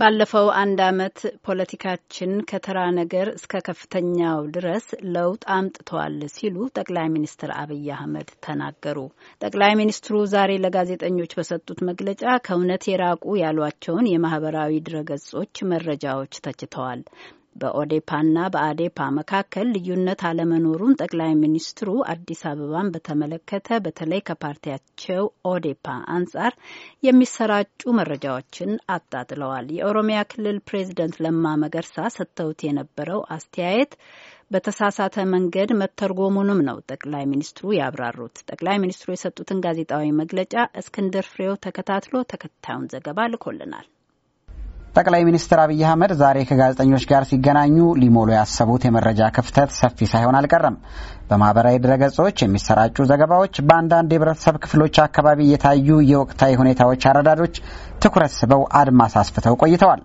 ባለፈው አንድ ዓመት ፖለቲካችን ከተራ ነገር እስከ ከፍተኛው ድረስ ለውጥ አምጥተዋል ሲሉ ጠቅላይ ሚኒስትር አብይ አህመድ ተናገሩ። ጠቅላይ ሚኒስትሩ ዛሬ ለጋዜጠኞች በሰጡት መግለጫ ከእውነት የራቁ ያሏቸውን የማህበራዊ ድረገጾች መረጃዎች ተችተዋል። በኦዴፓና በአዴፓ መካከል ልዩነት አለመኖሩን ጠቅላይ ሚኒስትሩ አዲስ አበባን በተመለከተ በተለይ ከፓርቲያቸው ኦዴፓ አንጻር የሚሰራጩ መረጃዎችን አጣጥለዋል። የኦሮሚያ ክልል ፕሬዚደንት ለማ መገርሳ ሰጥተውት የነበረው አስተያየት በተሳሳተ መንገድ መተርጎሙንም ነው ጠቅላይ ሚኒስትሩ ያብራሩት። ጠቅላይ ሚኒስትሩ የሰጡትን ጋዜጣዊ መግለጫ እስክንድር ፍሬው ተከታትሎ ተከታዩን ዘገባ ልኮልናል። ጠቅላይ ሚኒስትር አብይ አህመድ ዛሬ ከጋዜጠኞች ጋር ሲገናኙ ሊሞሉ ያሰቡት የመረጃ ክፍተት ሰፊ ሳይሆን አልቀረም። በማህበራዊ ድረገጾች የሚሰራጩ ዘገባዎች፣ በአንዳንድ የህብረተሰብ ክፍሎች አካባቢ የታዩ የወቅታዊ ሁኔታዎች አረዳዶች ትኩረት ስበው አድማስ አስፍተው ቆይተዋል።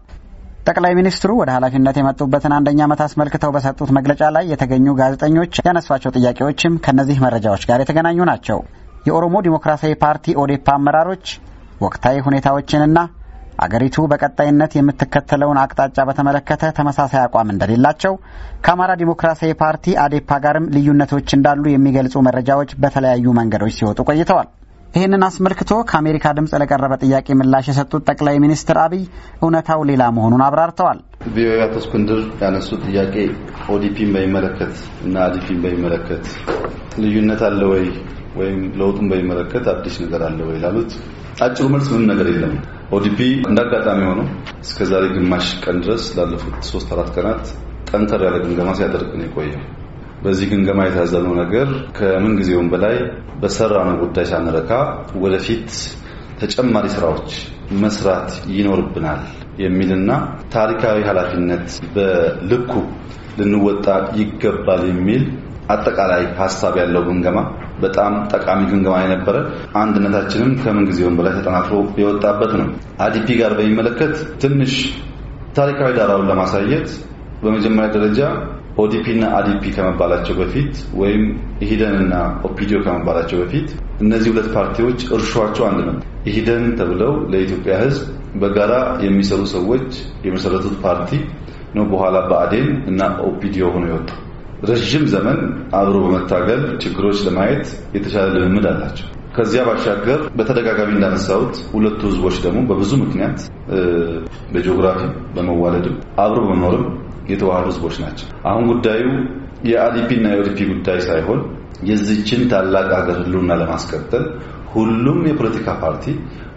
ጠቅላይ ሚኒስትሩ ወደ ኃላፊነት የመጡበትን አንደኛ ዓመት አስመልክተው በሰጡት መግለጫ ላይ የተገኙ ጋዜጠኞች ያነሷቸው ጥያቄዎችም ከእነዚህ መረጃዎች ጋር የተገናኙ ናቸው። የኦሮሞ ዲሞክራሲያዊ ፓርቲ ኦዴፓ አመራሮች ወቅታዊ ሁኔታዎችንና አገሪቱ በቀጣይነት የምትከተለውን አቅጣጫ በተመለከተ ተመሳሳይ አቋም እንደሌላቸው ከአማራ ዲሞክራሲያዊ ፓርቲ አዴፓ ጋርም ልዩነቶች እንዳሉ የሚገልጹ መረጃዎች በተለያዩ መንገዶች ሲወጡ ቆይተዋል። ይህንን አስመልክቶ ከአሜሪካ ድምፅ ለቀረበ ጥያቄ ምላሽ የሰጡት ጠቅላይ ሚኒስትር አብይ እውነታው ሌላ መሆኑን አብራርተዋል። ቪኦኤ አቶ እስክንድር ያነሱት ጥያቄ ኦዲፒን በሚመለከት እና አዲፒን በሚመለከት ልዩነት አለ ወይ ወይም ለውጡን በሚመለከት አዲስ ነገር አለ ወይ ላሉት አጭሩ መልስ ምንም ነገር የለም። ኦዲፒ እንዳጋጣሚ እስከ እስከዛሬ ግማሽ ቀን ድረስ ላለፉት ሶስት አራት ቀናት ጠንከር ያለ ግምገማ ሲያደርግ ነው የቆየው። በዚህ ግምገማ የታዘነው ነገር ከምን ጊዜውም በላይ በሰራነው ጉዳይ ሳንረካ ወደፊት ተጨማሪ ስራዎች መስራት ይኖርብናል የሚልና ታሪካዊ ኃላፊነት በልኩ ልንወጣ ይገባል የሚል አጠቃላይ ሀሳብ ያለው ግምገማ በጣም ጠቃሚ ግምገማ የነበረ አንድነታችንም ከምንጊዜውም በላይ ተጠናክሮ የወጣበት ነው። አዲፒ ጋር በሚመለከት ትንሽ ታሪካዊ ዳራውን ለማሳየት በመጀመሪያ ደረጃ ኦዲፒ እና አዲፒ ከመባላቸው በፊት ወይም ኢሂደን እና ኦፒዲዮ ከመባላቸው በፊት እነዚህ ሁለት ፓርቲዎች እርሿቸው አንድ ነው። ኢሂደን ተብለው ለኢትዮጵያ ሕዝብ በጋራ የሚሰሩ ሰዎች የመሰረቱት ፓርቲ ነው። በኋላ በአዴን እና ኦፒዲዮ ሆኖ የወጣው ረዥም ዘመን አብሮ በመታገል ችግሮች ለማየት የተሻለ ልምምድ አላቸው። ከዚያ ባሻገር በተደጋጋሚ እንዳነሳሁት ሁለቱ ህዝቦች ደግሞ በብዙ ምክንያት በጂኦግራፊ በመዋለድም አብሮ በመኖርም የተዋሃዱ ህዝቦች ናቸው። አሁን ጉዳዩ የአሊፒ እና የኦዲፒ ጉዳይ ሳይሆን የዚችን ታላቅ ሀገር ህልውና ለማስቀጠል ሁሉም የፖለቲካ ፓርቲ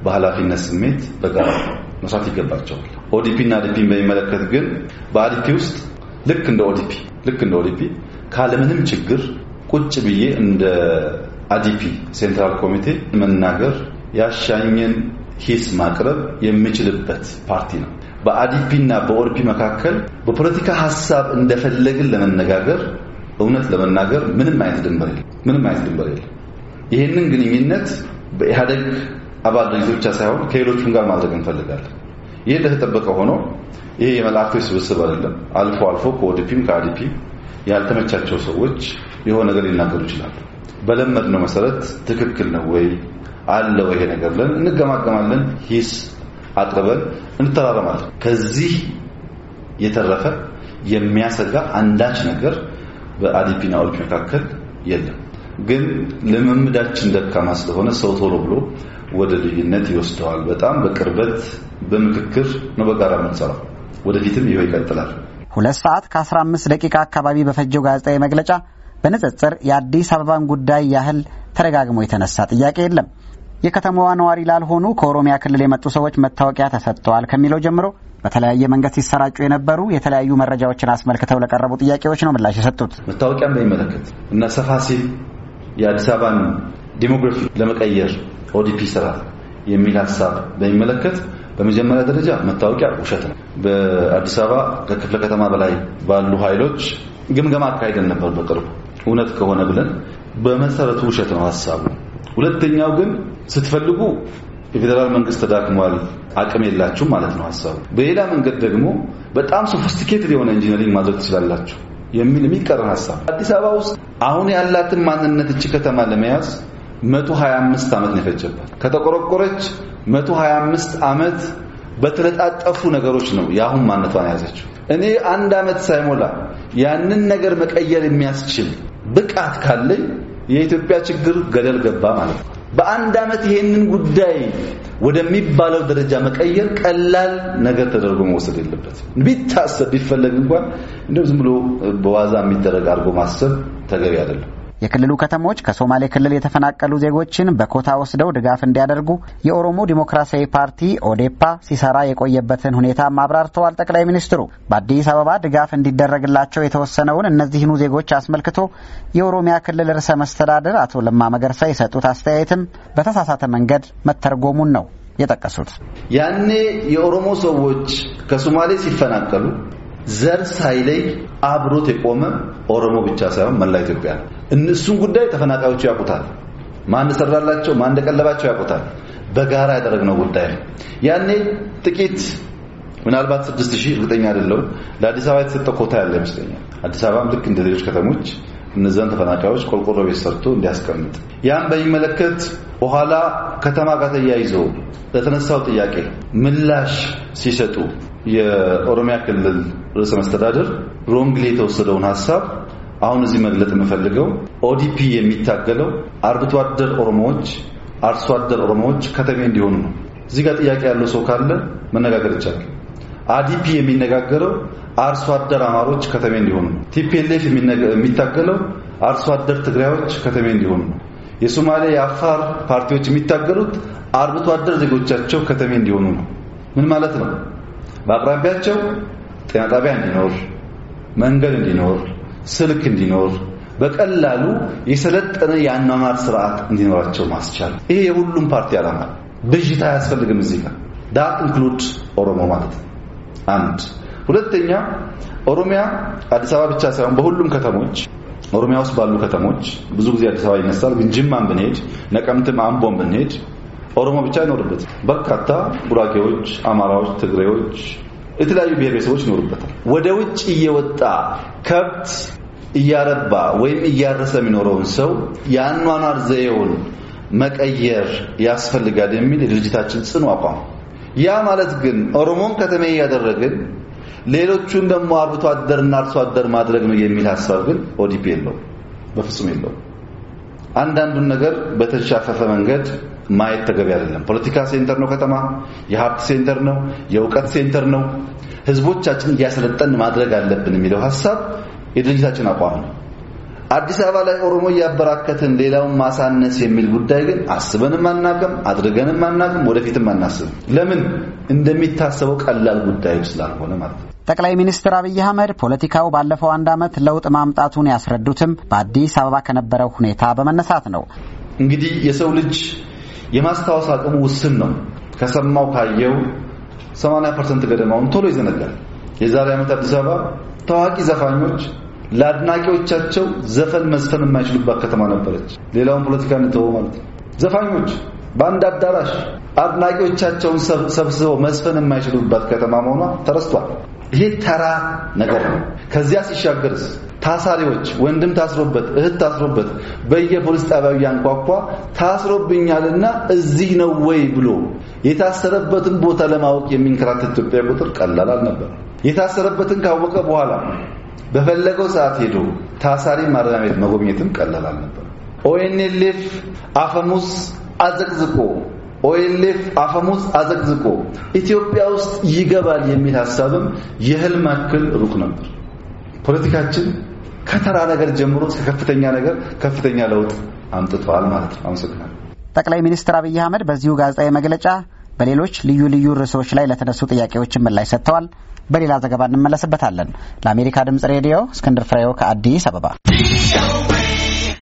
በኃላፊነት ስሜት በጋራ መስራት ይገባቸዋል። ኦዲፒ እና አዲፒን በሚመለከት ግን በአዲፒ ውስጥ ልክ እንደ ኦዲፒ ልክ እንደ ኦዲፒ ካለምንም ችግር ቁጭ ብዬ እንደ አዲፒ ሴንትራል ኮሚቴ መናገር ያሻኝን ሂስ ማቅረብ የሚችልበት ፓርቲ ነው። በአዲፒ እና በኦዲፒ መካከል በፖለቲካ ሀሳብ እንደፈለግን ለመነጋገር እውነት ለመናገር ምንም አይነት ድንበር የለም። ምንም አይነት ድንበር የለም። ይህንን ግንኙነት በኢህአደግ አባል ድርጅቶች ብቻ ሳይሆን ከሌሎቹም ጋር ማድረግ እንፈልጋለን። ይህ እንደተጠበቀ ሆኖ ይሄ የመላእክቶች ስብስብ አይደለም። አልፎ አልፎ ከኦዲፒም ከአዲፒም ያልተመቻቸው ሰዎች የሆነ ነገር ሊናገሩ ይችላሉ። በለመድ ነው መሰረት ትክክል ነው ወይ አለ ወይ ይሄ ነገር ለን እንገማገማለን፣ ሂስ አቅርበን እንተራረማለን። ከዚህ የተረፈ የሚያሰጋ አንዳች ነገር በአዲፒናዎች መካከል የለም። ግን ልምምዳችን ደካማ ስለሆነ ሰው ቶሎ ብሎ ወደ ልዩነት ይወስደዋል። በጣም በቅርበት በምክክር ነው በጋራ የምንሰራው። ወደፊትም ይኸው ይቀጥላል። ሁለት ሰዓት ከ15 ደቂቃ አካባቢ በፈጀው ጋዜጣዊ መግለጫ በንጽጽር የአዲስ አበባን ጉዳይ ያህል ተደጋግሞ የተነሳ ጥያቄ የለም። የከተማዋ ነዋሪ ላልሆኑ ከኦሮሚያ ክልል የመጡ ሰዎች መታወቂያ ተሰጥተዋል ከሚለው ጀምሮ በተለያየ መንገድ ሲሰራጩ የነበሩ የተለያዩ መረጃዎችን አስመልክተው ለቀረቡ ጥያቄዎች ነው ምላሽ የሰጡት። መታወቂያን በሚመለከት እና ሰፋ ሲል የአዲስ አበባን ዲሞግራፊ ለመቀየር ኦዲፒ ስራ የሚል ሀሳብ በሚመለከት በመጀመሪያ ደረጃ መታወቂያ ውሸት ነው። በአዲስ አበባ ከክፍለ ከተማ በላይ ባሉ ኃይሎች ግምገማ አካሄደን ነበር በቅርቡ እውነት ከሆነ ብለን በመሰረቱ ውሸት ነው ሀሳቡ። ሁለተኛው ግን ስትፈልጉ የፌዴራል መንግስት ተዳክሟል፣ አቅም የላችሁም ማለት ነው ሀሳቡ። በሌላ መንገድ ደግሞ በጣም ሶፊስቲኬትድ የሆነ ኢንጂነሪንግ ማድረግ ትችላላችሁ የሚል የሚቀረን ሀሳብ አዲስ አበባ ውስጥ አሁን ያላትን ማንነት እቺ ከተማ ለመያዝ 125 ዓመት ነው የፈጀባት። ከተቆረቆረች 125 ዓመት በተለጣጠፉ ነገሮች ነው የአሁን ማነቷን ያዘችው። እኔ አንድ ዓመት ሳይሞላ ያንን ነገር መቀየር የሚያስችል ብቃት ካለኝ የኢትዮጵያ ችግር ገደል ገባ ማለት ነው። በአንድ ዓመት ይሄንን ጉዳይ ወደሚባለው ደረጃ መቀየር ቀላል ነገር ተደርጎ መወሰድ የለበትም። ቢታሰብ ቢፈለግ እንኳን እንደው ዝም ብሎ በዋዛ የሚደረግ አድርጎ ማሰብ ተገቢ አይደለም። የክልሉ ከተሞች ከሶማሌ ክልል የተፈናቀሉ ዜጎችን በኮታ ወስደው ድጋፍ እንዲያደርጉ የኦሮሞ ዲሞክራሲያዊ ፓርቲ ኦዴፓ ሲሰራ የቆየበትን ሁኔታ አብራርተዋል። ጠቅላይ ሚኒስትሩ በአዲስ አበባ ድጋፍ እንዲደረግላቸው የተወሰነውን እነዚህኑ ዜጎች አስመልክቶ የኦሮሚያ ክልል ርዕሰ መስተዳድር አቶ ለማ መገርሳ የሰጡት አስተያየትም በተሳሳተ መንገድ መተርጎሙን ነው የጠቀሱት። ያኔ የኦሮሞ ሰዎች ከሶማሌ ሲፈናቀሉ ዘር ሳይለይ አብሮት የቆመ ኦሮሞ ብቻ ሳይሆን መላ ኢትዮጵያ ነው። እነሱን ጉዳይ ተፈናቃዮቹ ያውቁታል። ማን ሰራላቸው፣ ማን እንደቀለባቸው ያውቁታል። በጋራ ያደረግነው ጉዳይ ነው። ያኔ ጥቂት ምናልባት ስድስት ሺህ እርግጠኛ አይደለሁም። ለአዲስ አበባ የተሰጠ ኮታ ያለ ይመስለኛል። አዲስ አበባም ልክ እንደ ሌሎች ከተሞች እነዛን ተፈናቃዮች ቆርቆሮ ቤት ሰርቶ እንዲያስቀምጥ ያን በሚመለከት በኋላ ከተማ ጋር ተያይዞ ለተነሳው ጥያቄ ምላሽ ሲሰጡ የኦሮሚያ ክልል ርዕሰ መስተዳድር ሮንግሌ የተወሰደውን ሀሳብ አሁን እዚህ መግለጥ የምፈልገው ኦዲፒ የሚታገለው አርብቶ አደር ኦሮሞዎች አርሶ አደር ኦሮሞዎች ከተሜ እንዲሆኑ ነው። እዚህ ጋር ጥያቄ ያለው ሰው ካለ መነጋገር ይቻላል። አዲፒ የሚነጋገረው አርሶ አደር አማሮች ከተሜ እንዲሆኑ ነው። ቲፒኤልኤፍ የሚታገለው አርሶ አደር ትግራዮች ከተሜ እንዲሆኑ ነው። የሶማሌ የአፋር ፓርቲዎች የሚታገሉት አርብቶ አደር ዜጎቻቸው ከተሜ እንዲሆኑ ነው። ምን ማለት ነው? በአቅራቢያቸው ጤና ጣቢያ እንዲኖር፣ መንገድ እንዲኖር፣ ስልክ እንዲኖር፣ በቀላሉ የሰለጠነ የአኗኗር ስርዓት እንዲኖራቸው ማስቻል። ይሄ የሁሉም ፓርቲ አላማ። ብዥታ አያስፈልግም። እዚህ ጋር ዳት ኢንክሉድ ኦሮሞ ማለት ነው። አንድ ሁለተኛ፣ ኦሮሚያ አዲስ አበባ ብቻ ሳይሆን በሁሉም ከተሞች ኦሮሚያ ውስጥ ባሉ ከተሞች ብዙ ጊዜ አዲስ አበባ ይነሳል፣ ግን ጅማን ብንሄድ፣ ነቀምትም፣ አምቦን ብንሄድ ኦሮሞ ብቻ ይኖርበት፣ በርካታ ጉራጌዎች፣ አማራዎች፣ ትግሬዎች፣ የተለያዩ ብሔረሰቦች ይኖርበታል። ወደ ውጭ እየወጣ ከብት እያረባ ወይም እያረሰ የሚኖረውን ሰው የአኗኗር ዘዬውን መቀየር ያስፈልጋል የሚል የድርጅታችን ጽኑ አቋም። ያ ማለት ግን ኦሮሞን ከተሜ እያደረግን ሌሎቹን ደግሞ አርብቶ አደርና አርሶ አደር ማድረግ ነው የሚል ሀሳብ ግን ኦዲፒ የለው፣ በፍጹም የለው። አንዳንዱን ነገር በተንሻፈፈ መንገድ ማየት ተገቢ አይደለም። ፖለቲካ ሴንተር ነው፣ ከተማ የሀብት ሴንተር ነው፣ የእውቀት ሴንተር ነው። ህዝቦቻችን እያሰለጠን ማድረግ አለብን የሚለው ሀሳብ የድርጅታችን አቋም ነው። አዲስ አበባ ላይ ኦሮሞ እያበራከትን ሌላውን ማሳነስ የሚል ጉዳይ ግን አስበንም አናቅም፣ አድርገንም አናቅም፣ ወደፊትም አናስብም። ለምን እንደሚታሰበው ቀላል ጉዳይ ስላልሆነ ማለት ነው። ጠቅላይ ሚኒስትር አብይ አህመድ ፖለቲካው ባለፈው አንድ ዓመት ለውጥ ማምጣቱን ያስረዱትም በአዲስ አበባ ከነበረው ሁኔታ በመነሳት ነው። እንግዲህ የሰው ልጅ የማስታወስ አቅሙ ውስን ነው። ከሰማው ካየው 80 ፐርሰንት ገደማውን ቶሎ ይዘነጋል። የዛሬ ዓመት አዲስ አበባ ታዋቂ ዘፋኞች ለአድናቂዎቻቸው ዘፈን መስፈን የማይችሉባት ከተማ ነበረች። ሌላውን ፖለቲካ እንተወው ማለት ነው። ዘፋኞች በአንድ አዳራሽ አድናቂዎቻቸውን ሰብስበው መስፈን የማይችሉባት ከተማ መሆኗ ተረስቷል። ይሄ ተራ ነገር ነው። ከዚያ ሲሻገርስ ታሳሪዎች ወንድም ታስሮበት እህት ታስሮበት በየፖሊስ ጣቢያው ያንኳኳ ታስሮብኛልና እዚህ ነው ወይ ብሎ የታሰረበትን ቦታ ለማወቅ የሚንከራተት ኢትዮጵያ ቁጥር ቀላል አልነበር። የታሰረበትን ካወቀ በኋላ በፈለገው ሰዓት ሄዶ ታሳሪ ማረሚያ ቤት መጎብኘትም ቀላል አልነበረም። ኦኤንኤልኤፍ አፈሙዝ አዘቅዝቆ ኦኤንኤልኤፍ አፈሙዝ አዘቅዝቆ ኢትዮጵያ ውስጥ ይገባል የሚል ሀሳብም የህልም ያክል ሩቅ ነበር። ፖለቲካችን ከተራ ነገር ጀምሮ እስከ ከፍተኛ ነገር ከፍተኛ ለውጥ አምጥቷል ማለት ነው። አመሰግናለሁ። ጠቅላይ ሚኒስትር አብይ አህመድ በዚሁ ጋዜጣዊ መግለጫ በሌሎች ልዩ ልዩ ርዕሶች ላይ ለተነሱ ጥያቄዎችን ምላሽ ሰጥተዋል። በሌላ ዘገባ እንመለስበታለን። ለአሜሪካ ድምጽ ሬዲዮ እስክንድር ፍሬው ከአዲስ አበባ